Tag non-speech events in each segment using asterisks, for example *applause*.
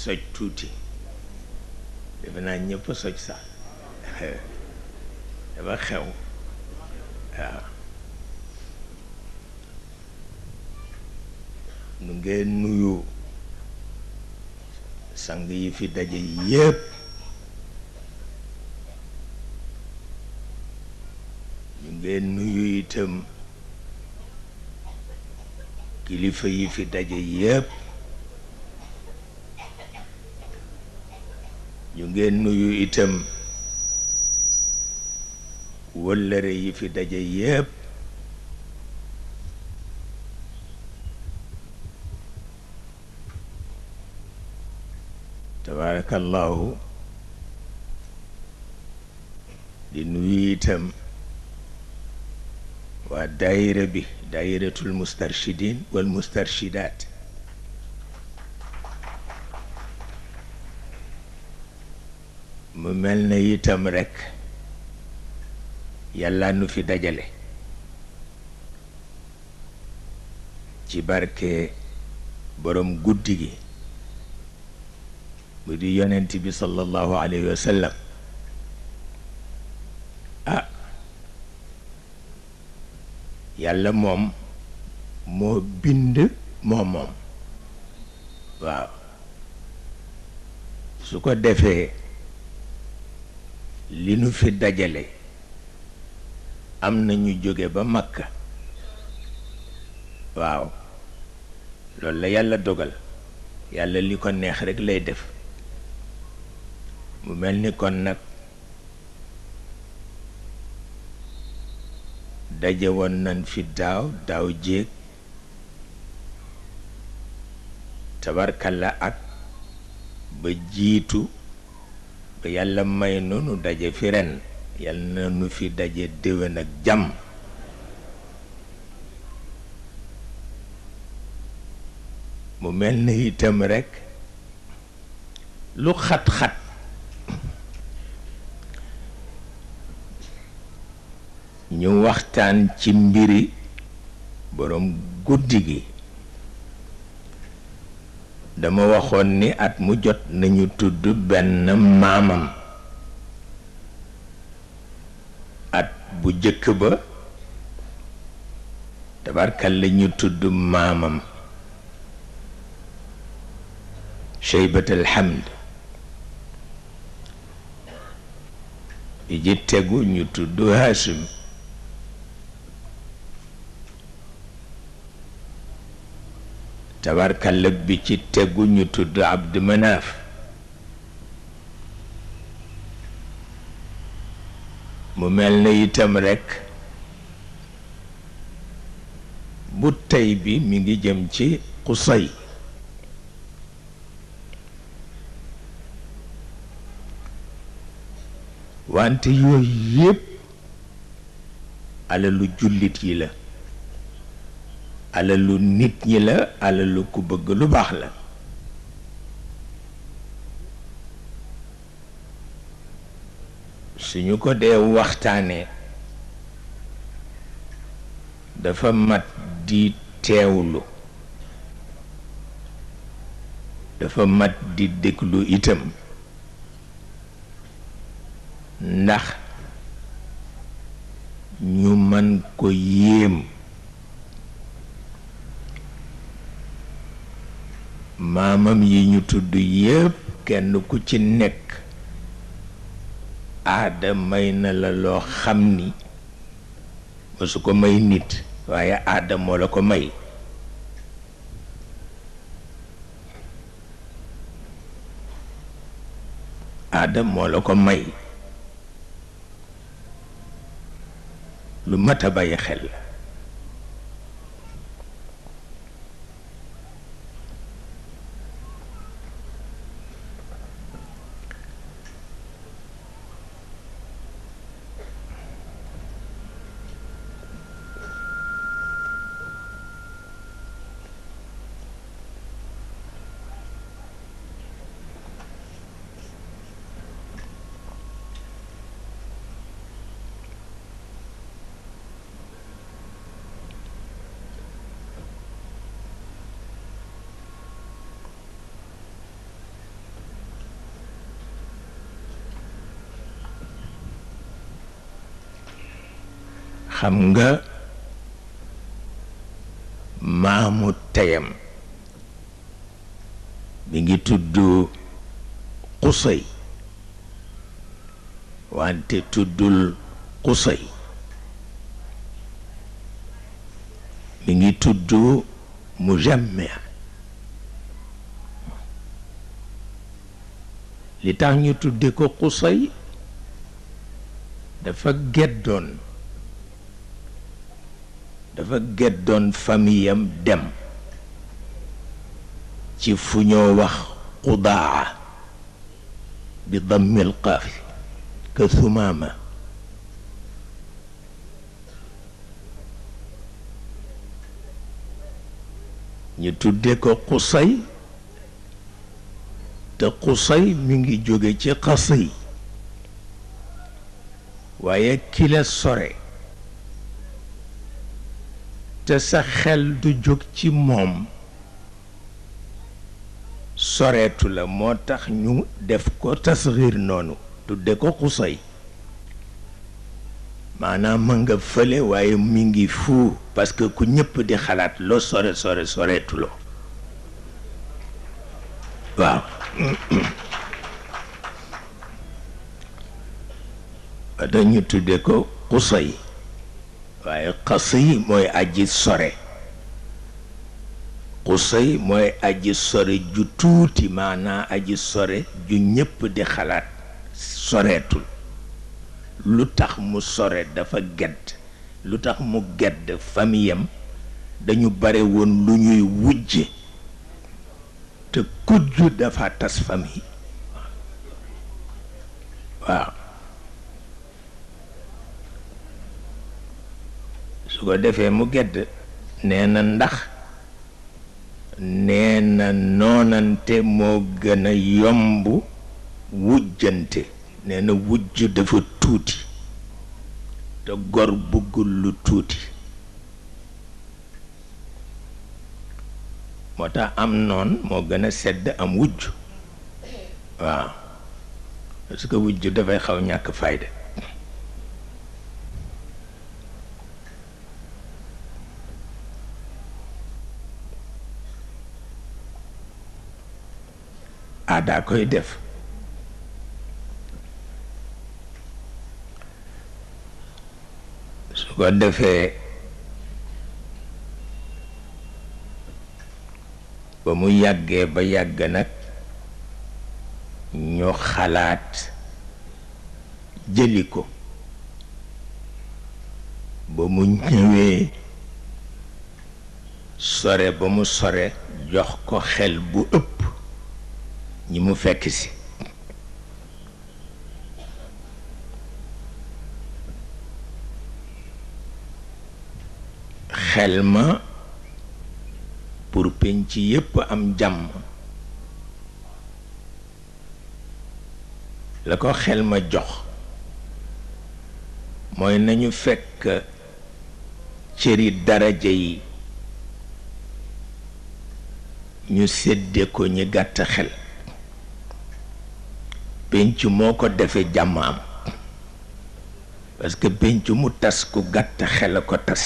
soj tuuti defe naa ñëpp soj sax *laughs* dafa xew waaw nu ngeen nuyu sang yi fi daje yépp ñu ngeen nuyu itam kilifa yi fi daje yépp ñu ngeen nuyu itam wëllëre yi fi daje yépp tabaarakallaahu di nuyu itam waa daayira bi daayiratul mustarshidin wal mustarshidaat mu mel na itam rekk yàlla nu fi dajale ci barke boroom guddi gi mu di yonent bi sallallahu alayhi wa sallam ah, yàlla moom moo bind moom moom waaw su ko defee li nu fi dajale am na ñu jóge ba Makka waaw loolu la yàlla dogal yàlla li ko neex rekk lay def mu mel ni kon nag daje woon nañ fi daaw daaw jéeg la ak ba jiitu yàlla may nonu daje fi ren yàlla na nu fi daje déwén ak jàmm mu mel na itam rekk lu xat-xat ñu waxtaan ci mbiri boroom guddi gi dama waxoon ni at mu jot nañu tudd benn maamam at bu jëkk ba tabarkal la ñu tudd maamam cheybat alhamd yi ji tegu ñu tudd haashim tabarkalla bi ci tegu ñu tudd Abdu Manaaf mu mel na itam rekk bu tey bi mi ngi jëm ci Qusay wante yooyu yépp alalu jullit yi la alalu nit ñi la alalu ku bëgg lu baax la suñu ko dee waxtaanee dafa mat di teewlu dafa mat di déglu itam ndax ñu mën ko yéem maamam yi ñu tudd yépp kenn ku ci nekk aada may na la loo xam ni su ko may nit waaye aada moo la ko may aada moo la ko may lu mat a bàyyi xel xam nga maamu teyam mi ngi tudd xusay wante tuddul xusay mi ngi tudd mujamme li tax ñu tudde ko xusay dafa geddoon dafa geddoon famiyam dem ci fu ñoo wax qudaa bi dammil qaaf ka sumaama ñu tudde ko qusay te qusay mi ngi jóge ci qasay waaye ki sore te sa xel du jóg ci moom soreetu la moo tax ñu def ko tasxiir noonu tudde ko xusay maanaam ma nga fële waaye mi ngi fuu parce que ku ñëpp di xalaat loo sore sore soreetu loo waaw *clears throat* dañu tudde ko xusay waaye xasay mooy aji sore xusay mooy aji sore ju tuuti maanaa aji sore ju ñépp di xalaat soreetul lu tax mu sore dafa gedd lu tax mu gedd famiyam dañu bare woon lu ñuy wujj te kujj dafa tas fami waaw su ko defee mu gedd nee na ndax nee na noonante moo gën a yomb wujjante nee na wujj dafa tuuti te gor bëggul lu tuuti moo tax am noon moo gën a sedd am wujj waaw parce que wujj dafay xaw ñàkk fayde aadaa koy def su ko defee ba mu yàggee ba yàgg nag ñu xalaat jëli ko ba mu ñëwee sore ba mu sore jox ko xel bu ëpp ñi mu fekk si xel ma pour penc yépp am jàmm la ko xel ma jox mooy nañu fekk cëri daraja yi ñu sédde ko ñi gàtt xel pénc moo ko defee jàmm am parce que pénc mu tas ku gàtt xel a ko tas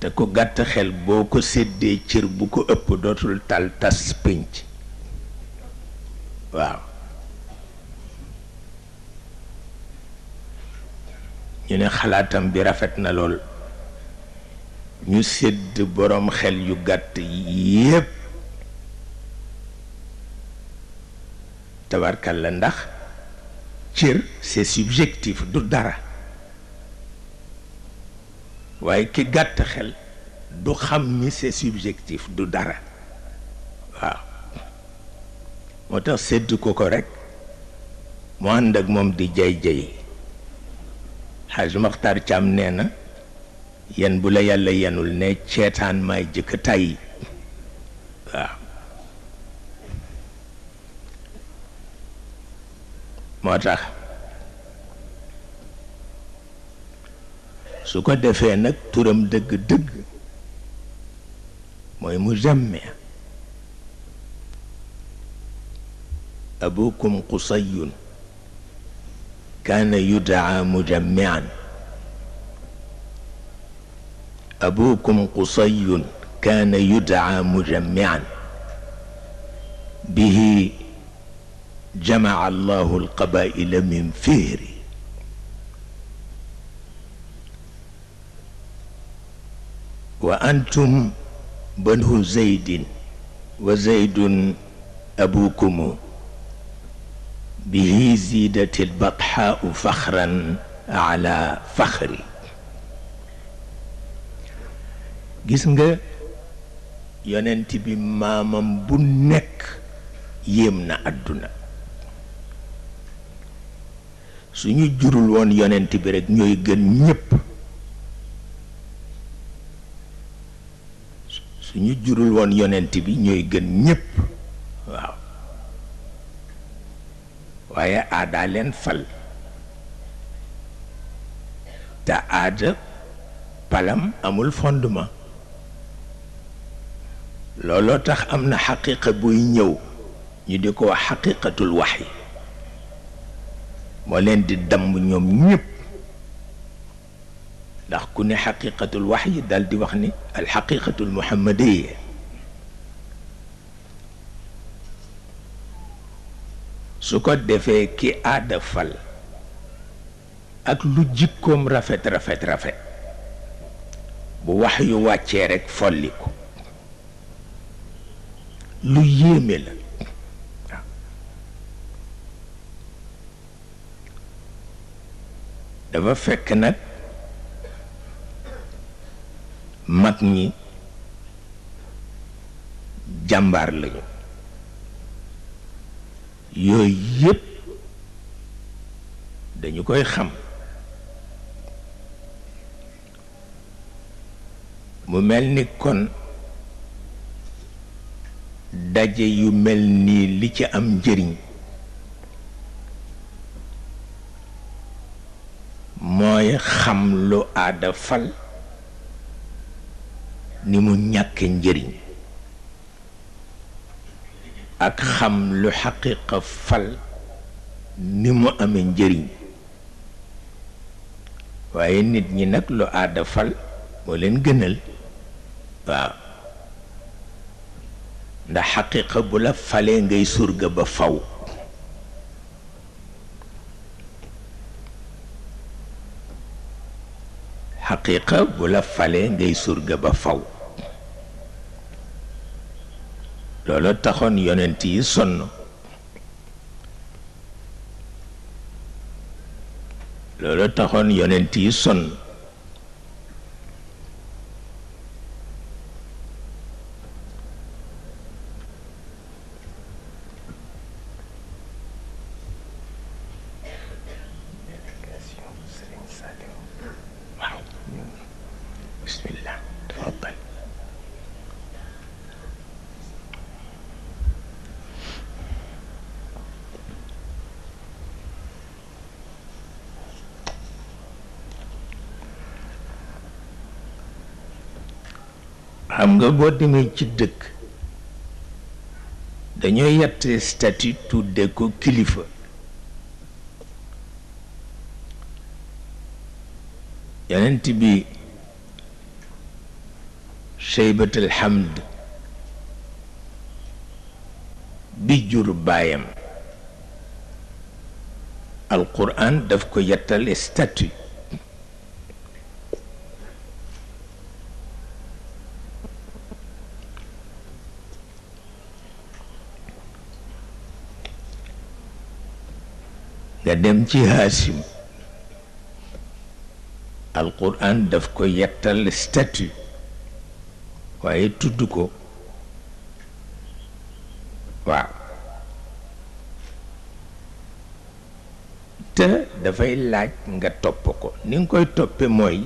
te ku gàtt xel boo ko seddee cër bu ko ëpp dootul tal tas pénc waaw ñu ne xalaatam bi rafet na lool ñu sédd boroom xel yu gàtt yépp tabarkal la ndax cër c'est subjectif du dara waaye ki gàtt xel du xam ni c'est subjectif du dara waaw moo tax sédd ko ko rek mu ànd ak moom di jay jay xaaj Maxtaar Caam nee na yen bu la yàlla yenul ne ceetaan may jëkk tay waaw moo su ko defee nag turam dëgg-dëgg mooy mu zamme abukum qusayun كان يدعى مجمعا أبوكم قصي كان يدعى مجمعا به جمع الله القبائل من فهر وأنتم بنو زيد وزيد أبوكم به زيدت البطحاء فخرا على فخر gis nga yonent bi maamam bu nekk suñu jurul woon yonent bi rekk ñooy gën ñépp suñu jurul woon yonent bi ñooy gën ñépp waaw waaye aadaa fal te aada palam amul fondement looloo tax am na xaqiqa buy ñëw ñu di ko wax xaqiqatul wax yi ولن دي دم نيوم نيب حقيقة الوحي دال دي وخني الحقيقة المحمدية سكوت دفي كي آد فال اك لجيكم رفت رفت رفت بوحيو واتشارك فاليكو لو يمي dafa fekk nag mag ñi jàmbaar lañu yooyu yépp dañu koy xam mu mel ni kon daje yu mel nii li ci am njëriñ mooy xam lu aada fal ni mu ñàkke njëriñ ak xam lu xaqiqa fal ni mu amee njëriñ waaye nit ñi nag lu aada fal moo leen gënal waaw ndax xaqiqa bu la falee ngay surga ba faw xaqiiqa bu la falee ngay ba faw taxoon yonent yi sonn taxoon yonent yi nga boo demee ci dëkk dañoo yett statut tudde ko kilifa yonent bi Cheybat alhamd bi jur baayam alquran daf ko yettal statut ci haasim alquran daf ko yettal statut waaye tudd ko waaw te dafay laaj nga topp ko ni nga koy toppe mooy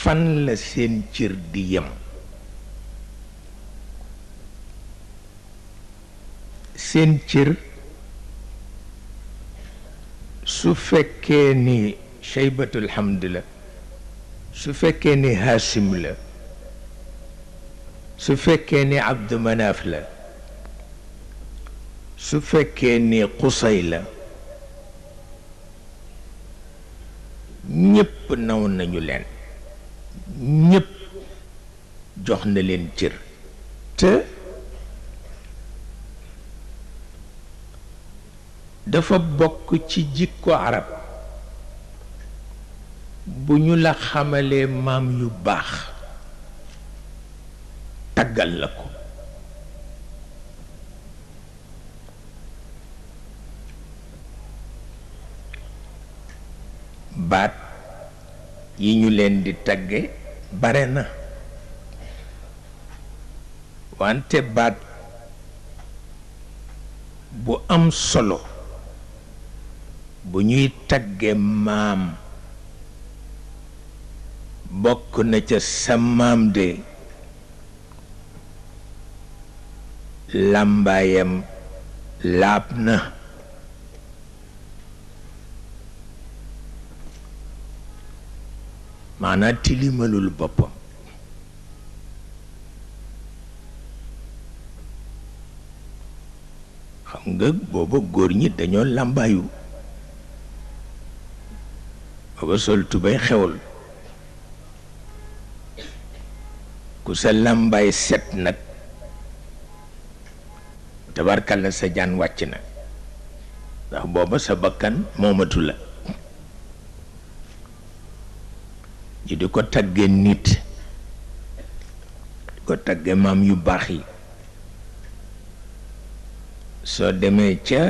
fan la seen cër di yem seen cër su fekkee ni cheybatul hamd la su fekkee ni haasim la su fekkee ni abdu manaaf la su fekkee ni qusay la ñépp naw nañu leen ñépp jox na leen cër te dafa bokk ci jikko arab bu ñu la xamalee maam yu baax taggal la ko baat yi ñu leen di tagge bare na wante baat bu am solo bu ñuy tagge maam bokk na ca sa maam de làmbaayam laab na maanaam tilimalul boppam xam nga boobu góor ñi dañoo làmbaayu booba sol tubay xewul ku sa làmbaay set nag tabarkal la sa jaan wàcc na ndax booba sa bakkan moomatu la ñu di ko taggee nit di ko taggee maam yu baax yi soo demee ca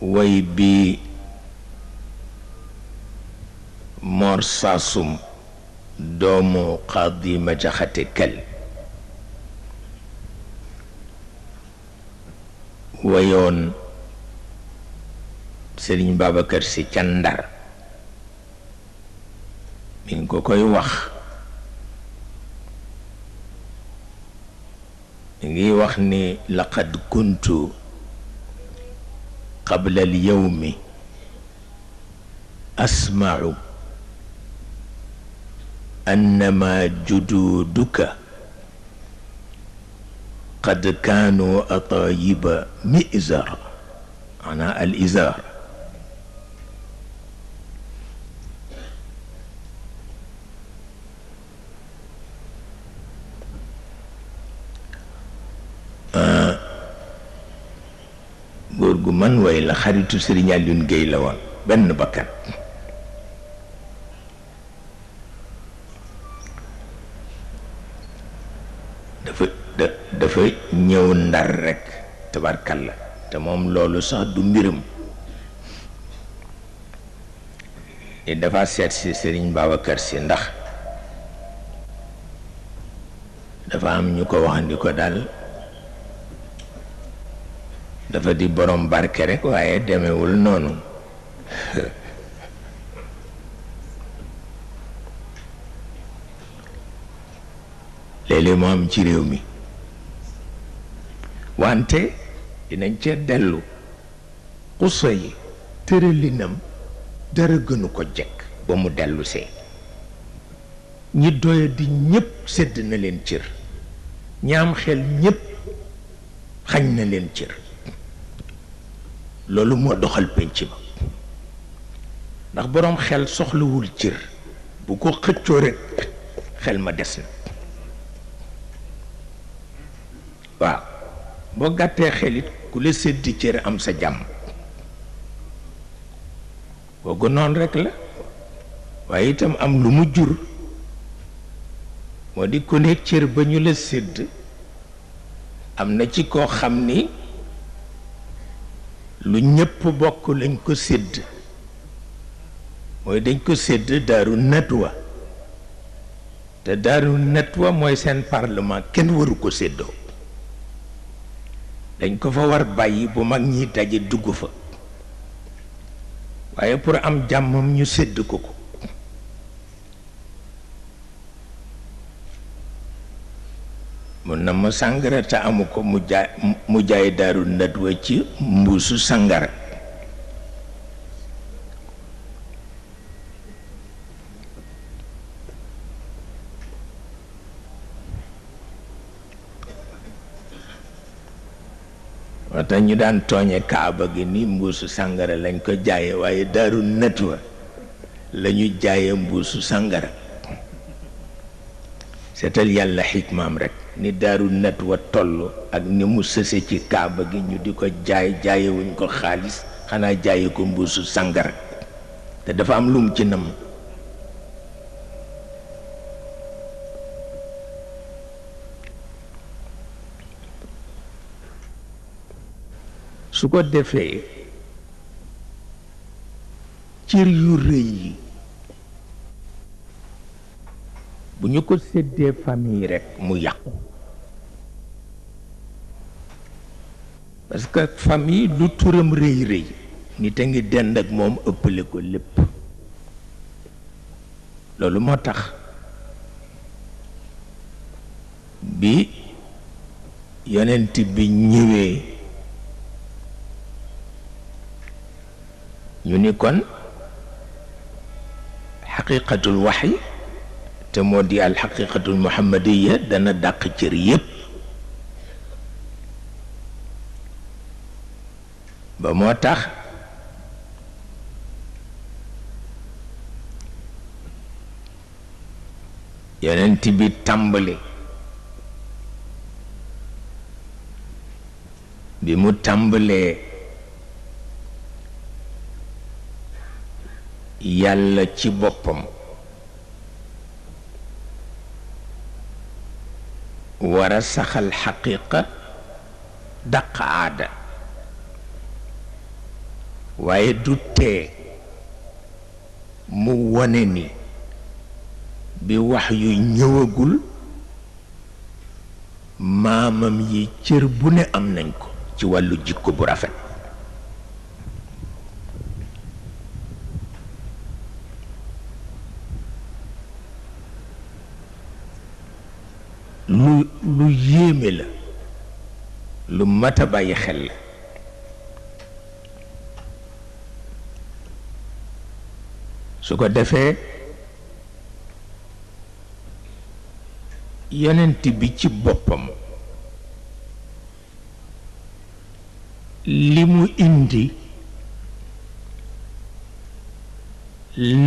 way bi moor saasum doomu xaadi ma jaxate kel wayoon sëriñ Babacar si ca Ndar ko koy wax mi ngi wax ni laqad kuntu قبل اليوم أسمع أنما جدودك قد كانوا أطايب مئزر أنا الإزار آه góor gu man way la xaritu sëriñaal Alioune géey la woon benn bakkat dafa dafa ñëwul ndar rekk la te moom loolu sax du mbiram te dafa seet si Serigne Babacar si ndax dafa am ñu ko wax ni daal dafa di borom barke rek waaye demewul noonu léeg-léeg mu am ci réew mi wante dinañ cee dellu xusa yi tëralinam dara gënu ko jekk ba mu dellu see ñi doya di ñépp sedd na leen cër ñaam xel ñépp xañ na leen cër loolu moo doxal pénc ba ndax boroom xel soxlawul cër bu ko xëccoo rek xel ma des na waaw boo gàttee xelit ku la séddi cër am sa jàmm boogu noonu rek la waaye itam am lu mu jur moo di ko ne cër ba ñu la sédd am na ci koo xam ni lu ñëpp bokk lañ ko sédd mooy dañ ko sédd daaru wa te daaru wa mooy seen parlement kenn waru ko séddoo dañ ko fa war bàyyi bu mag ñi daje dugg fa waaye pour am jàmmam ñu sédd ko ko mun na ma sàngara te amu ko mu jaay mu jaay daaru nadwa ci mbuusu sàngara wata ñu daan tooñe kaaba gi ni mbuusu sàngara lañ ko jaaye waaye daaru nadwa la ñu jaaye mbuusu sàngara seetal yàlla xikmaam rek ni daaru net wa toll ak ni mu sëse ci kaaba gi ñu di ko jaay jaayewuñ ko xaalis xanaa jaaye ko mbuusu sàngara te dafa am lum ci nam su ko defee cër yu rëy yi bu ñu ko seddee famille rekk mu yàqu parce que famille lu turam rëy rëy nit a ngi dend ak moom ëppale ko lépp loolu moo tax bi yonent bi ñëwee ñu ni kon xaqiqatul waxyi te moo di al xaqiqatul muhammadiya dana dàq cër yépp ba moo tax yonent bi tàmbali bi mu tàmbalee yàlla ci boppam war a saxal xaqiqa daq aada waaye du tee mu wone ni bi wax yu ñëwagul maamam yi cër bu ne am nañ ko ci wàllu jikko bu rafet lu lu yéeme la lu mat a bàyyi xel la su ko defee yonent bi ci boppam li mu indi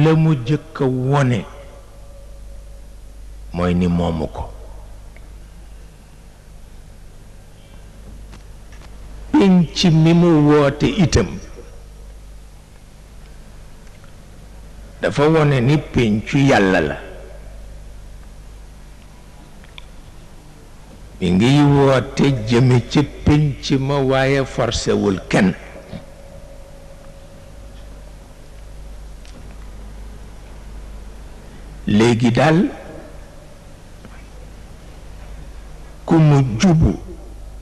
la mu jëkk wone mooy ni moomu ko pénc mi mu woote itam dafa wone ni péncu yàlla la i ngiy woote jëme ci pénc ma waaye forcewul kenn léegi daal ku mu jubu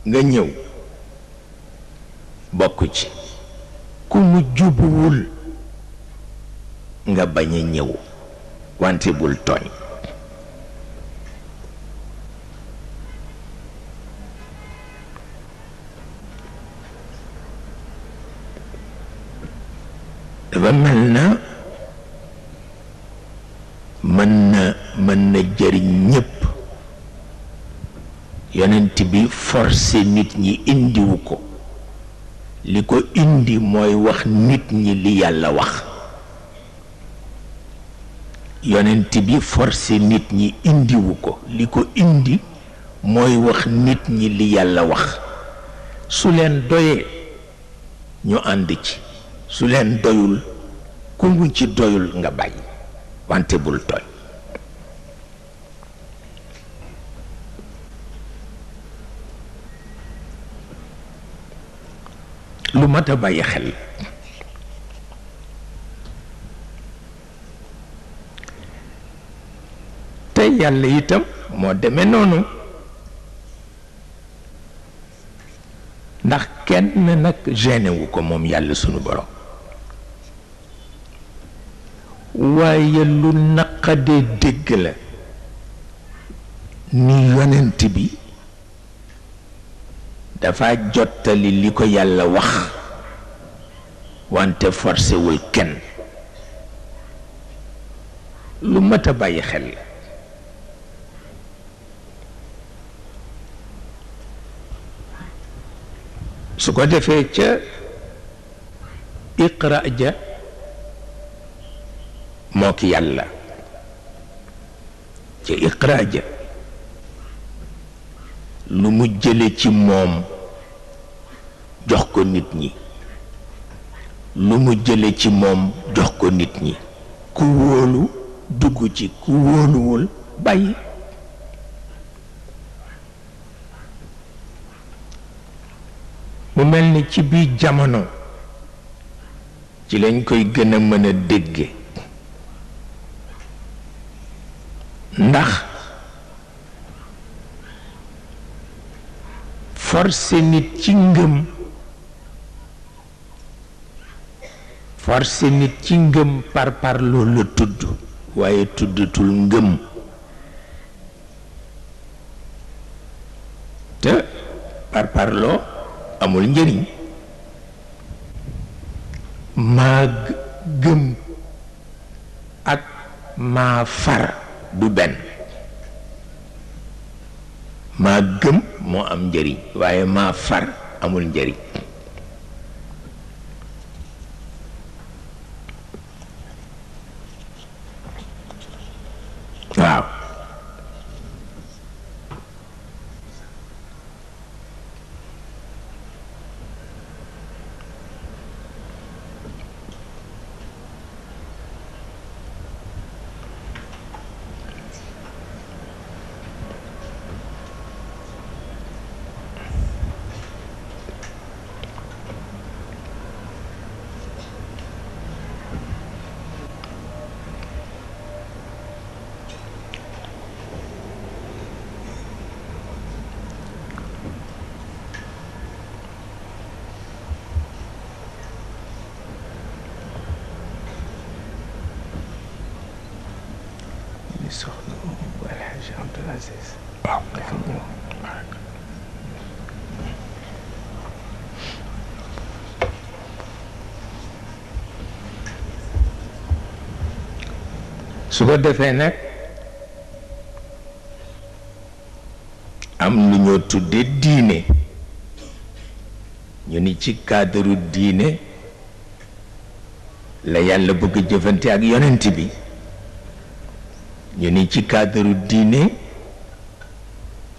nga ñëw bokk ci ku mu jubuwul nga bañ ñëw wante bul tooñ dafa mel na mën na mën na jëriñ ñépp yonent bi forcé nit ñi indiwu ko li ko indi mooy wax nit ñi li yàlla wax yonent bi forcé nit ñi indiwu ko li ko indi mooy wax nit ñi li yàlla wax su leen doyee ñu ànd ci su leen doyul ku mu ci doyul nga bàyyi wante bul tooy lu mat a bàyyi xel te yàlla itam moo deme noonu ndax kenn nag genewu ko moom yàlla sunu borom waaye lu naqadee dégg la ni yonent bi dafa jottali li ko yàlla wax wante forcé kenn lu mat a bàyyi xel su ko defee ca iqra ja moo ki yàlla ca iqra lu mu jële ci moom jox ko nit ñi lu mu jële ci moom jox ko nit ñi ku wóolu dugg ci ku wóoluwul bàyyi mu mel ni ci biir jamono ci lañ koy gën a mën a dégge ndax forcé nit ci ngëm forcé nit par par la tudd waaye tuddatul ngëm te par parloo amul njariñ maa gëm ak maa far du benn maa gëm moo am njëriñ waaye maa far amul njëriñ su ko defee nag am lu ñoo tudde diine ñu ni ci cadre diine la yàlla bëgg jëfante ak yonent bi ñu ni ci cadre diine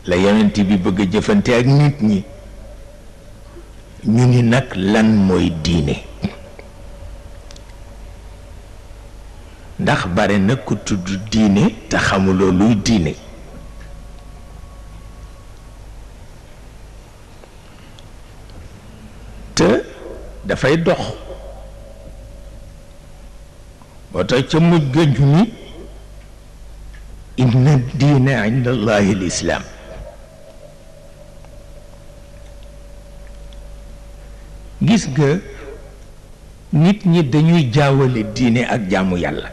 la yonent bi bëgg a jëfante ak nit ñi ñu ngi nag lan mooy diine ndax bare na ku tudd diine te xamuloo luy diine te dafay dox boo tax ca mujj ga ñu ni inna diine inda allahi gis nga nit ñi dañuy jaawale diine ak jaamu yàlla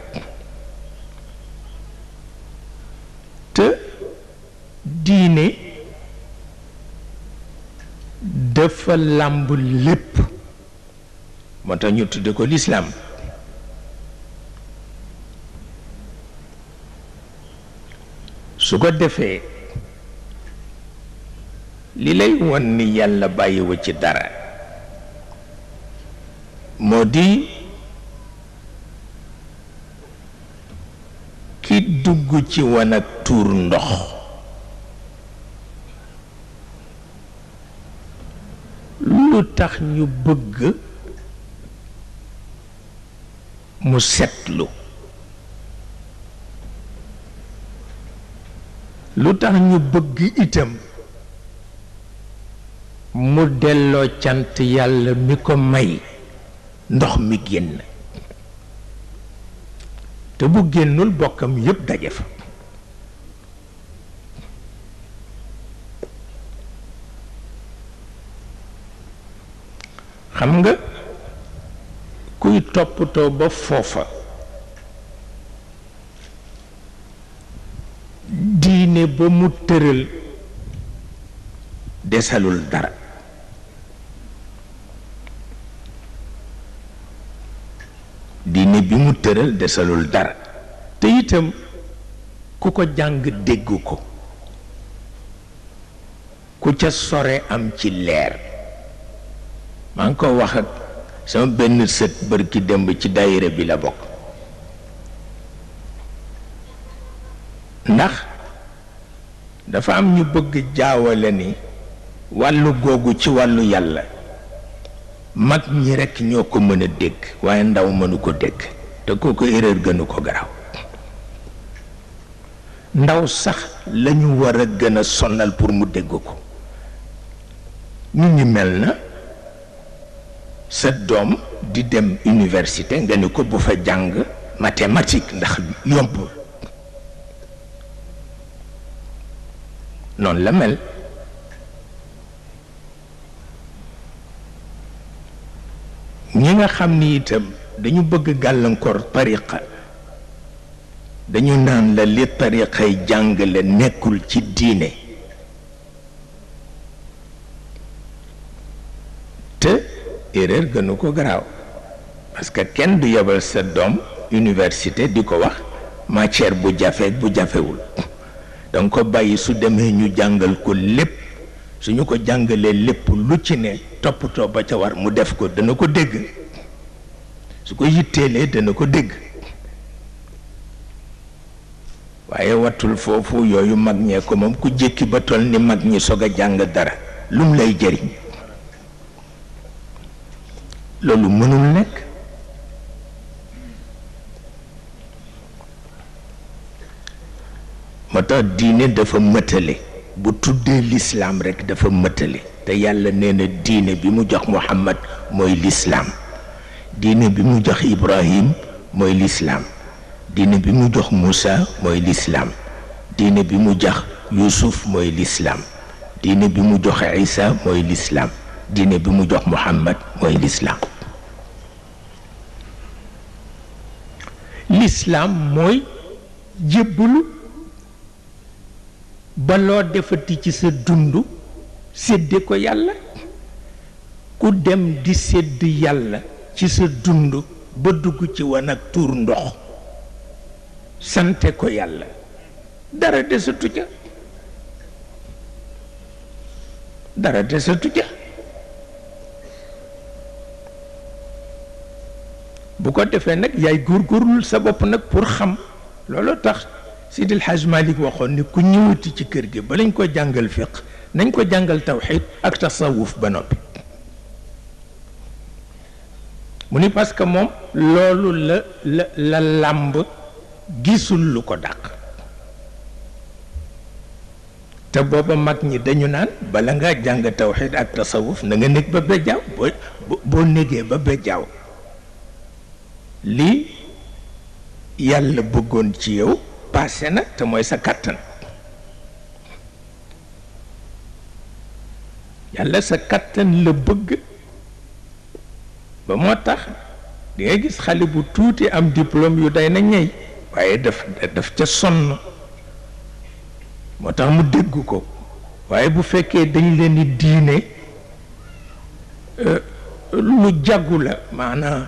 te diine dafa làmb lépp moo tax ñu tudde ko lislaam su ko defee li lay won ni yàlla bàyyiwu ci dara moo di ki dugg ci wanag tuur ndox lu tax ñu bëgg mu setlu lu tax ñu bëgg itam mu delloo cant yàlla mi ko may ndox mi génn te bu génnul bokkam yépp daje fa xam nga kuy toppatoo ba foofa diine ba mu tëral desalul dara bi mu tëral desalul dara te itam ku ko jàng dégg ko ku ca sore am ci leer maa ngi ko wax ak sama benn sët gi démb ci daayira bi la bokk ndax dafa am ñu bëgg jaawale ni wàllu googu ci wàllu yàlla mag ñi rekk ñoo ko mën a dégg waaye ndaw mënu ko dégg te kooku erreur gënu ko garaaw ndaw sax lañu war a gën a sonal pour mu dégg ko ñu ngi mel na sa doom di dem université nga ni ko bu fa jàng mathématique ndax yombul noonu la mel ñi nga xam ni itam dañu bëgg gàllankoor tariqa dañu naan la li tariqay jàngale nekkul ci diine te erreur gënu ko garaaw parce que kenn du yebal sa doom université di ko wax matière bu jafe bu jafewul danga ko bàyyi su demee ñu jàngal ko lépp suñu ko jàngalee lépp lu ci ne toppatoo ba ca war mu def ko dana ko dégg su ko yitteelee dana ko dégg waaye wattul foofu yooyu mag ñee ko moom ku jékki ba toll ni mag ñi sog a jàng dara lum lay jëriñ loolu mënul nekk moo tax diine dafa mëtale bu tuddee lislaam rekk dafa mëtale te yàlla nee diine bi mu jox muhammad mooy lislaam diine bi mu jox Ibrahim mooy lislaam diine bi mu jox Moussa mooy lislaam diine bi mu jox Yuusuf mooy lislaam diine bi mu jox Isa mooy lislaam diine bi mu jox Muhammad mooy lislaam lislaam mooy jébbalu ba defati ci sa dund sédde ko yàlla ku dem di sedd yàlla ci sa dund ba dugg ci wan ak tuur ndox sante ko yàlla dara desatu ca dara desatu ca bu ko defee nag yaay góor góorgóorlul sa bopp nag pour xam looloo tax Sidi El Hadj Malick waxoon ni ku ñëwati ci kër gi ba lañ ko jàngal fiq nañ ko jàngal tawxid ak tasawuf ba noppi mu ni parce que moom loolu la la la làmb gisul lu ko dàq te booba mag ñi dañu naan bala nga jàng tawxid ak tasawuf na nga nekk ba bejjaaw boo boo négee ba bejjaaw lii yàlla bëggoon ci yow paase na te mooy sa kàttan yàlla sa kàttan la bëgg ba moo tax di nga gis xale bu tuuti am diplôme yu day na ñey waaye daf daf ca sonn moo tax mu dégg ko waaye bu fekkee dañ leen di diine euh, lu jaggu la maanaam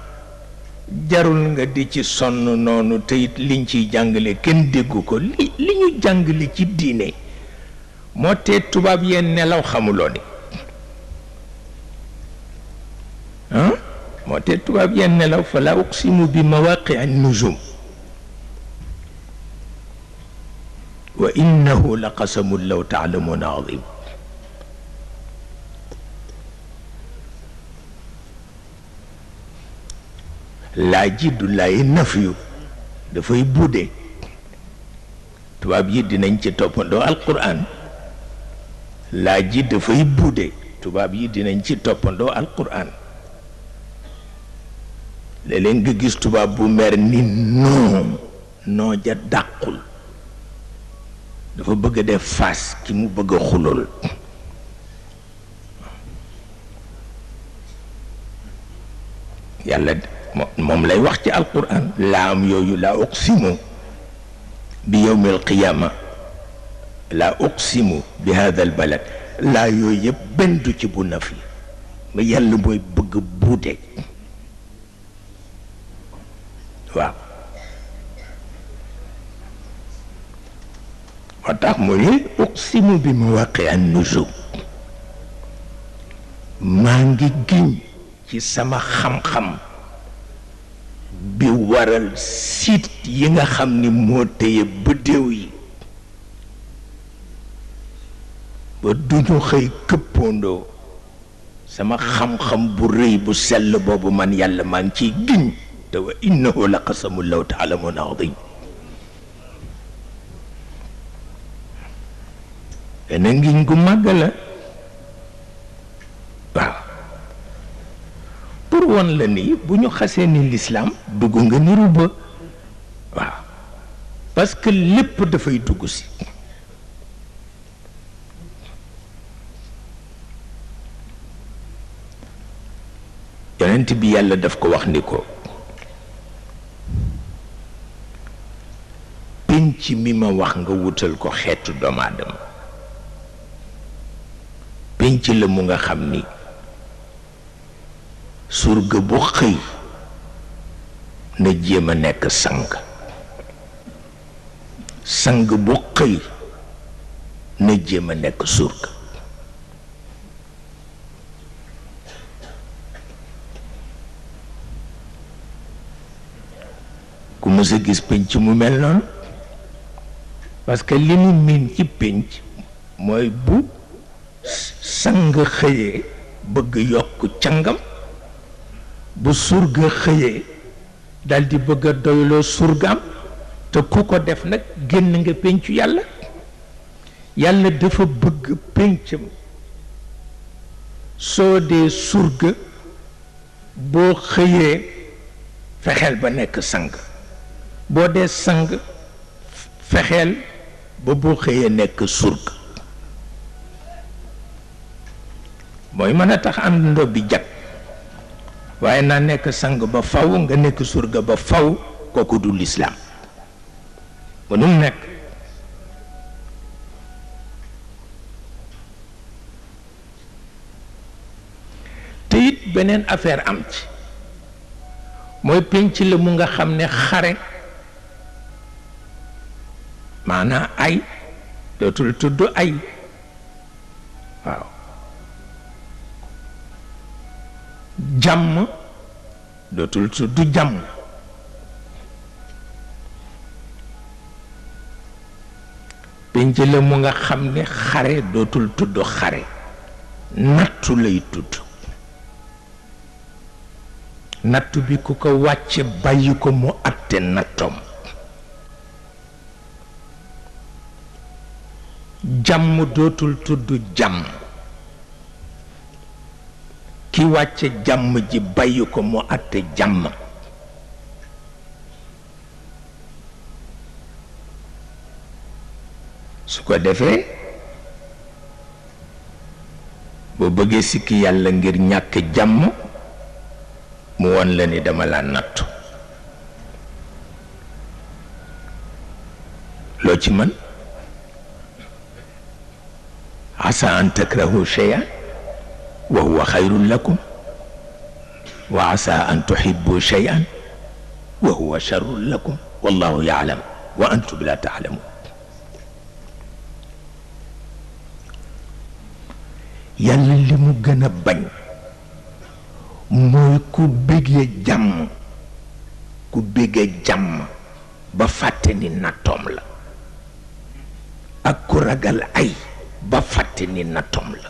jarul nga di ci sonn noonu te liñ ciy jàngale kenn déggu ko li li ñu jàngale ci diine moo tee tubaab yeen nelaw xamuloo ni ah? موتيتو بيان لو فلا أقسم بمواقع النجوم وإنه لقسم لو تعلمون عظيم لا جد لا ينفي دفاي بودي تواب يدي نانتي توبون دو القرآن لا جد فاي بودي تواب يدي نانتي توبون دو القرآن léeg-léeg gis tubaab bu mer ni non non ja dàqul dafa bëgg a def face ki mu bëgg a yàlla moom lay wax ci alquran laam yooyu laa uqsimu bi yowmi alqiyama laa uqsimu bi hada albalad laa yooyu yëpp benn du ci bu nafi ma yàlla mooy bëgg buute waaw moo tax mu ne uqsimu bi mawaqi an nujum maa ngi giñ ci sama xam-xam bi waral siit yi nga xam ni moo téye bëddéew yi ba du ñu xëy këppandoo sama xam-xam bu rëy bu sell boobu man yàlla maa ngi ciy giñ وإنه لقسم لو تعلمون عظيم ene ngiñ gu màgg la waaw pour won la ni bu ñu xasee ni l'islam dugg nga ni ruba waaw parce que lépp dafay dugg si yonent bi yàlla daf ko wax ni ko ci mi ma wax nga wutal ko xeetu doomu aadama pénc la mu nga xam ni surga bu xëy na jéem a nekk sang sang bu xëy na jéem a nekk surga ku mës gis pénc mu mel noonu parce que li nu miin ci pénc mooy bu sang xëyee bëgg yokk cangam bu surga xëyee dal di bëgg a doyloo surgaam te ku ko def nag génn nga péncu yàlla yàlla dafa bëgg péncam soo dee surga boo xëyee fexeel ba nekk sang boo dee sang fexeel ba boo xëyee nekk surga mooy mën a tax àndandoo bi jag waaye naa nekk sang ba faw nga nekk surga ba faw kooku du lislaam mënum nekk te it beneen affaire am ci mooy pénc la mu nga xam ne xare maanaam ay dootul tudd ay waaw jàmm dootul tudd jàmm penc la mu nga xam ne xare dootul tudd xare nattu lay tudd nattu bi ku ko wàcce bàyyi ko mu àtte nattoom jàmm dootul tudd jàmm ki wàcce jàmm ji bàyyi ko mu àtte jàmm su ko defee boo bëggee sikki yàlla ngir ñàkk jàmm mu woon la ni dama laa nattu loo ci mën asa an takrahu cheyan wa huwa xayrun lakum wa asa an tuhibu cheyan wa huwa charrun lakum wallahu yaalam wa antum la taalamun yàlla li mu gën a bañ mooy ku bëggee jàmm ku bëggee jàmm ba fàtte ni nattoom la ak ku ragal ay ba fàtte ni nattoom la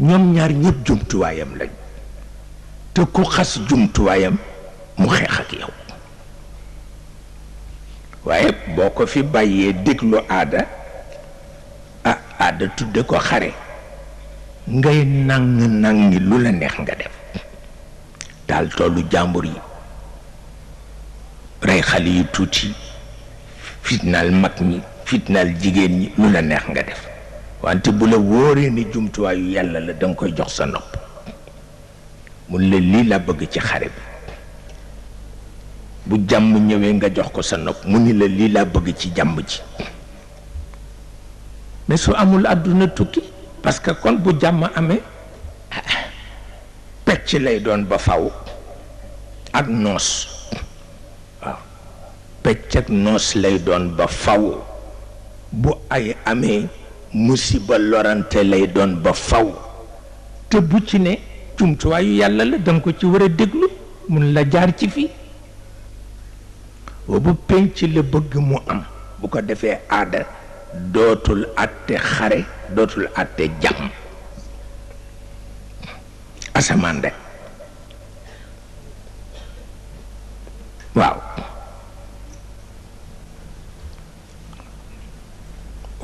ñoom ñaar ñëpp jumtuwaayam lañ te ku xas jumtuwaayam mu xeex ak yow waaye boo ko fi bàyyee déglu aada ah aada tudde ko xare ngay nàng nàng lu la neex nga def daal tollu jàmbur yi rey xale yu tuuti fitnaal mag ñi fitnaal jigéen ñi lu la neex nga def wante bu la wóoree ni jumtuwaayu yàlla la danga koy jox sa nopp mun la bëgg ci xare jàmm ñëwee nga jox ko sa nopp mu ni la lii laa bëgg ci jàmm ji mais su amul àdduna tukki parce que kon bu jàmm amee pecc lay doon ba faw ak noos waaw pecc ak noos lay doon ba faw bu ay amee musiba lorante lay doon ba faw te bu ci ne jumtuwaayu yàlla la danga ko ci war a déglu mun la jaar ci fii boobu penc la bëgg mu am bu ko defee aada dootul àtte xare dootul àtte jàmm asamaan waaw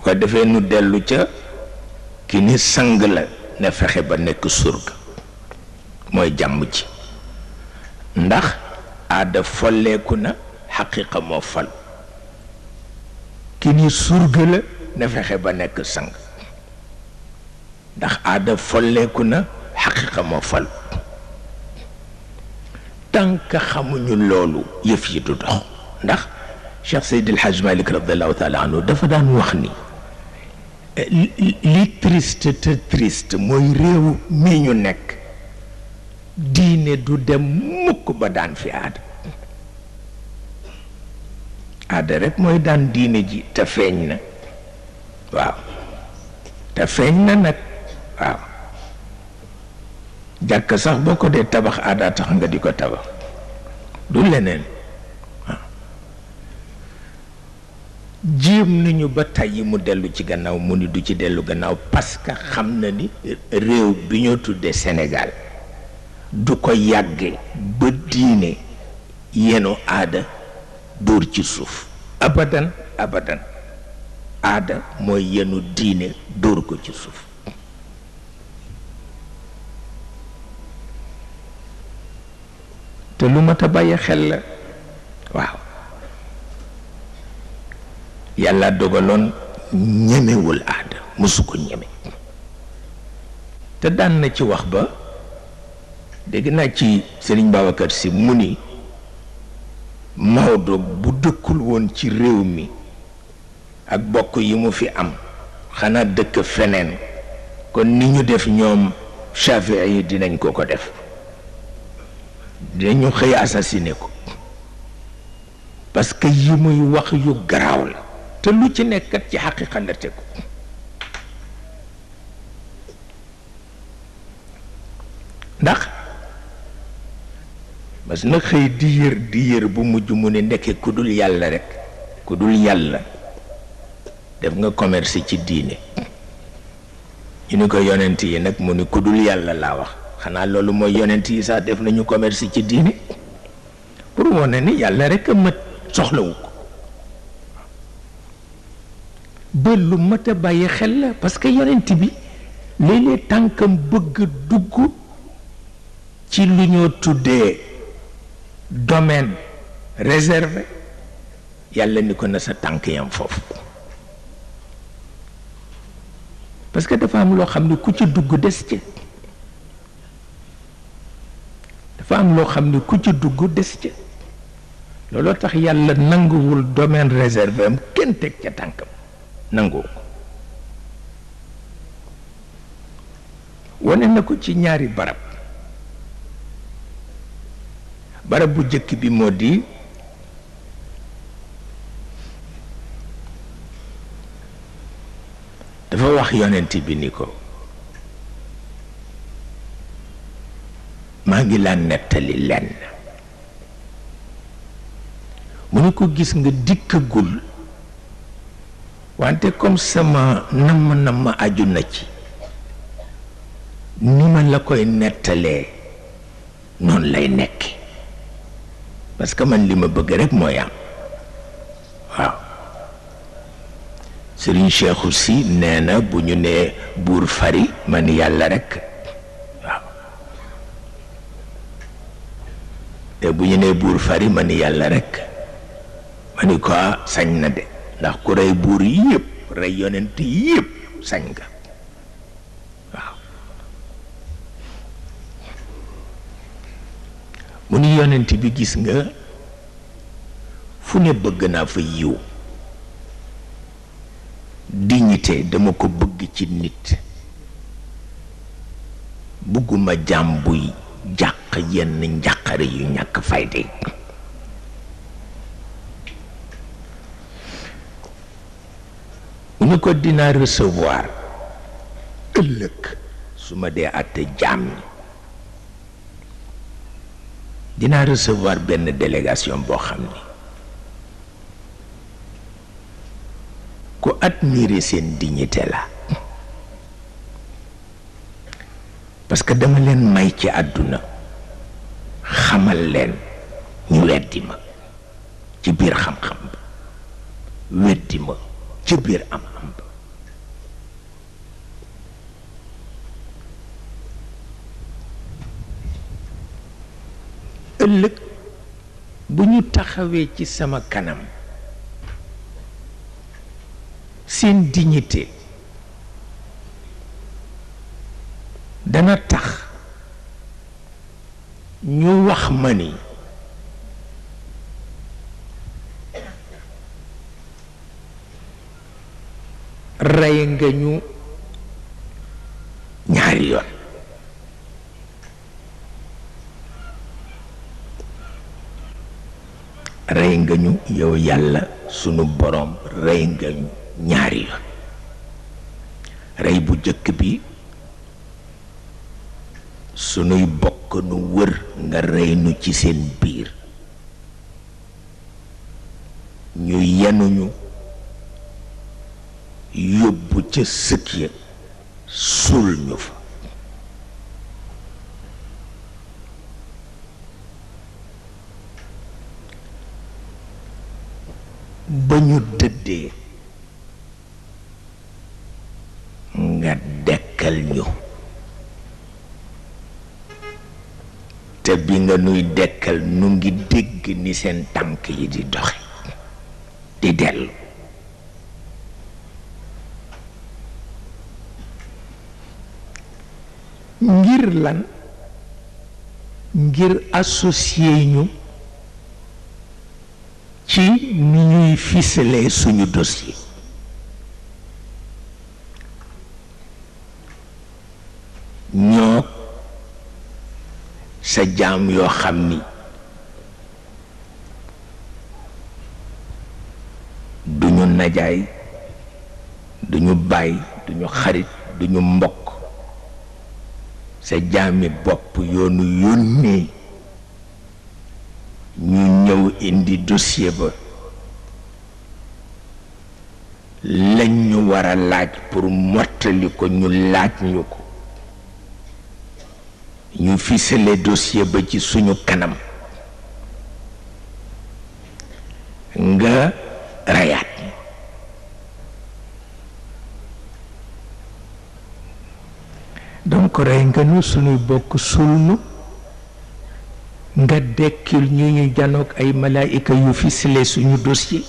bu ko defee nu dellu ca ki ni sang la ne fexe ba nekk surga mooy jàmm ci ndax aada folleeku na xaqiqa moo fal ki ni surga la ne fexe ba nekk sang ndax aada folleeku na xaqiqa moo fal tànk xamuñu loolu yëf yi du dox ndax Cheikh Seydil Hadj Malick radiallahu taala anhu dafa daan wax ni li triste te triste mooy réew mi ñu nekk diine du dem mukk ba daan fi aada aada rek mooy daan diine ji te feeñ na waaw te feeñ na nag waaw jàkk sax boo ko dee tabax aada tax nga di ko tabax du leneen jiim nañu ba tàyyi mu dellu ci gannaaw mu ni du ci dellu gannaaw parce que xam na ni réew bi ñoo tuddee Sénégal du ko yàgge ba diine yenu aada dóor ci suuf abadan abadan aada mooy yenu diine dóor ko ci suuf te lu mat a bàyyi xel la waaw yàlla dogaloon ñemewul aada musu ko ñeme te daan na ci wax ba dégg naa ci Serigne Babacar si mu ni Maodo bu dëkkul woon ci réew mi ak bokk yi mu fi am xanaa dëkk feneen kon ni ñu def ñoom Shafii yi dinañ ko ko def dinañu xëy assassiné ko parce que yi muy wax yu garaaw la te lu ci nekkat ci xaqiqa xandate ko ndax parce que nag xëy di yër di yër bu mujj mu ne ndekke ku dul yàlla rek ku dul yàlla def nga commerce ci diine ñu ni ko yonent yi nag mu ni ku dul yàlla laa wax xanaa loolu mooy yonent yi sax def nañu commerce ci diine pour wane ni yàlla rek a mët soxlawu ko ba lu mat a bàyyi xel la parce que yonent bi léeg-léeg tànkam bëgg dugg ci lu ñoo tuddee domaine réservé yàlla ni ko na sa tànk yam foofu parce que dafa am loo xam ne ku ci dugg des ci dafa am loo xam ni ku ci dugg des ci looloo tax yàlla nanguwul domaine réservé am kenn teg ca tànkam nangoo ko wane na ko ci ñaari barab barab bu jëkk bi moo di dafa wax yonent bi ni ko maa ngi laa nettali lenn mu ni ko gis nga dikkagul wante comme sama namm namm aju na ci ni ma la koy nettalee noonu lay nekk parce que man li ma bëgg rek mooy am waaw Serigne Cheikhou Sy nee na bu ñu nee buur fari man yàlla rek waaw te bu ñu nee buur fari man yàlla rek ma ni ko ah, sañ na de ndax ku rey buur yëpp rey yonent yëpp sañ nga waaw mu ni yonent bi gis nga fu ne bëgg naa fa yiw dignité dama ko bëgg ci nit bëgguma jaam buy jàq yenn njàqare yu ñàkk fayde ñu ko dina recevoir ëllëg suma dé atté àtte dina recevoir ben délégation bo xamni ko admirer sen dignité la parce que dama len may ci aduna xamal len ñu weddi ci bir xam-xam bi ci bir am ëllëg bu ñu taxawee ci sama kanam seen dignité dana tax ñu wax ma ni rey nga ñu ñaari yoon rey nga ñu yow yàlla sunu boroom rey nga ñaari yoon rey bu jëkk bi sunuy bokk nu wër nga rey nu ci seen biir ñu yenuñu yóbbu ca sëkk ya suul ñu fa bañu ñu nga dekkal ñu té bi nga nuy dekkal nu ngi dégg ni seen tank yi di doxé di del ngir lan ngir associé ñu ci ni ñuy ficeler suñu dossier ñoo sa jaam yoo xam ni duñu najaay duñu bàyyi duñu xarit duñu mbokk sa jaami bopp yoonu yónnee ñu ñëw indi dossier ba lañ ñu war laaj pour mottali ko ñu laaj ñu ko ñu ficelé dossier ba ci suñu kanam nga rayaat donc rey nga nu suñuy bokk suul nu nga dekkil ñu ñu janoog ay malaayika yu fi sile suñu dossier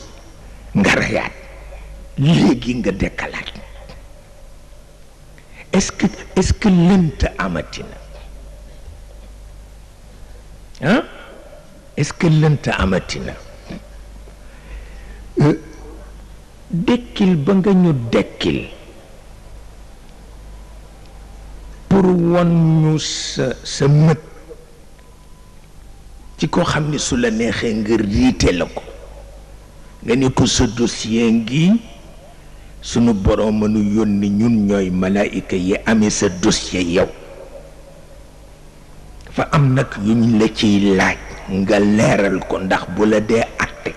nga reyaat léegi nga dekkalaat est-ce que est-ce que euh, dekkil ba nga ñu dekkil pour won ñu sa sa mët ci koo xam ni su la neexee ngir riite la ko nga ni ko sa dossier ngi sunu borom mënu yónni ñun ñooy malaayika yi amee sa dossier yow dafa am nag yu ñu la ciy laaj nga leeral ko ndax bu la dee atte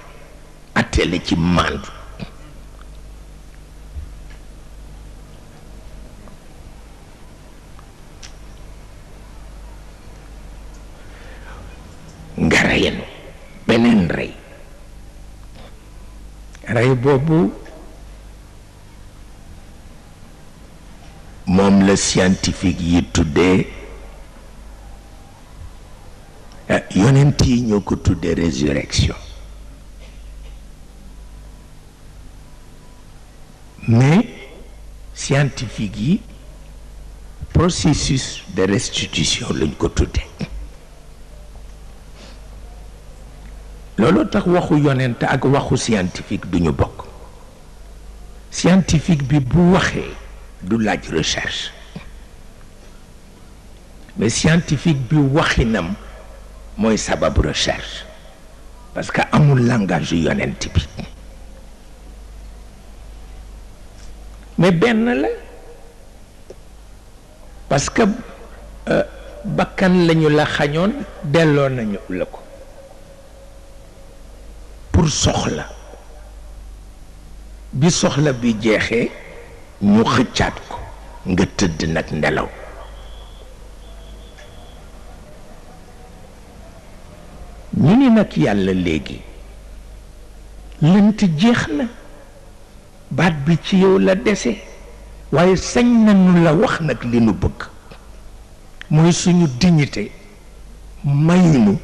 atte la ci màndu ray bobu mom le scientifique yi tuddee eh, yonent yi ñoo résurrection mais scientifique yi processus de restitution lañ ko tuddé looloo tax waxu yonent ak waxu scientifique du ñu bokk scientifique bi bu waxee du laaj recherche mais scientifique bi waxinam mooy sabab recherche parce que amul langage yonent bi mais benn la parce que euh, bakkan lañu la xañoon delloo nañu la ko pour soxla bi soxla bi jeexee ñu xëccaat ko nga tëdd nag nelaw ñu ni nag yàlla léegi lënt jeex na baat bi ci yow la dese waaye sañ nañu la wax nag li nu bëgg mooy suñu dignité mayuñu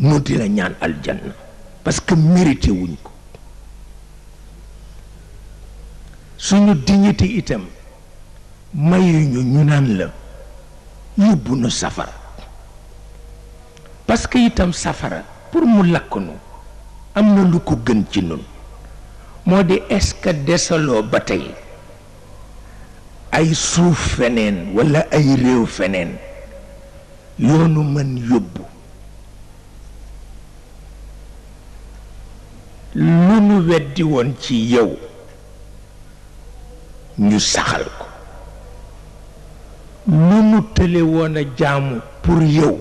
nu di la ñaan aljanna parce que mérité wuñ ko suñu dignité itam mayuñu ñu naan la yóbbu nu safara parce que itam safara pour mu lakk nu am na lu ko gën ci nun moo di est-ce desaloo ba tey ay suuf feneen walla ay réew feneen yoonu mën yóbbu lu nu weddi woon ci yow ñu saxal ko lu nu tële woon a jaamu pour yow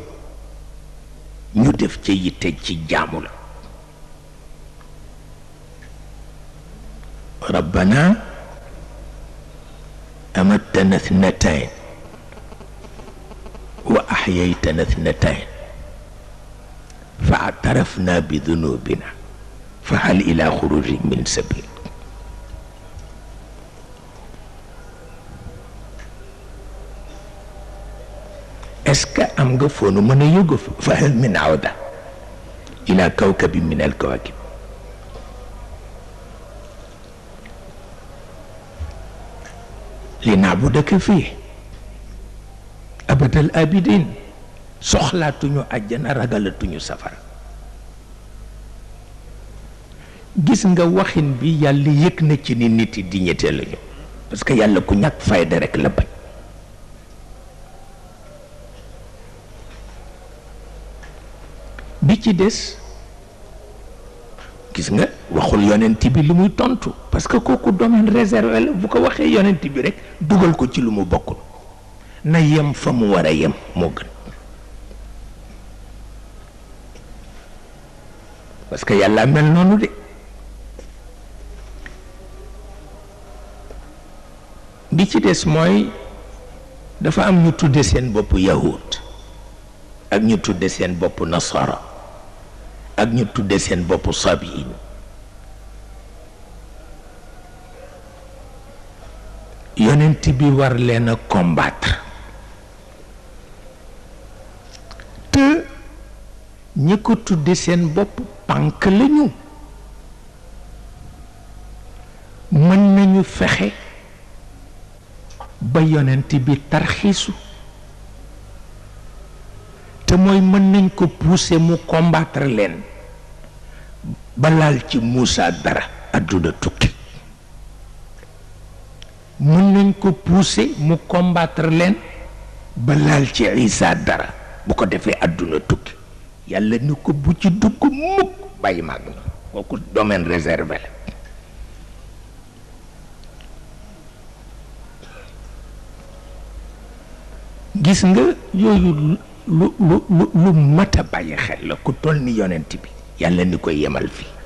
ñu def ca yitte ci jaamu la rabbana amattana ithnatayn wa ahyaytana ithnatayn fa atarafna bi dunubina فهل الى خروج من سبيل اسكا ام غفون من يغف فهل من عوده الى كوكب من الكواكب لنعبدك فيه ابد الابدين سخلاتو ني اجنا رغلاتو سفر سفر gis nga waxin bi yàlla yëg na ci ni nit yi dignité lañu parce que yàlla ku ñàkk fayda rek la bañ bi ci des gis nga waxul yonent bi lu muy tontu parce que kooku domaine réservé la bu ko waxee yonent bi rek dugal ko ci lu mu bokkul na yem fa mu war a yem moo gën parce yàlla mel noonu de bi ci des mooy dafa am ñu tudde seen bopp yahud ak ñu tudde seen bopp nasara ak ñu tudde seen bopp sabiin yonent bi war leen a combattre te ñi ko tudde seen bopp pànk lañu mën nañu fexe ba yonent bi tarxiisu te mooy mën nañ ko pousser mu combattre leen balaal ci Moussa dara adduna tukki mën nañ ko pousser mu combattre leen balaal ci Isa dara bu ko defee àdduna tukki yàlla ni ko bu ci dugg mukk bàyyi mag na kooku domaine réservé gis nga yooyu lu lu lu lu a bàyyi xel la ku toll ni yonent bi yàlla ni ko yemal fii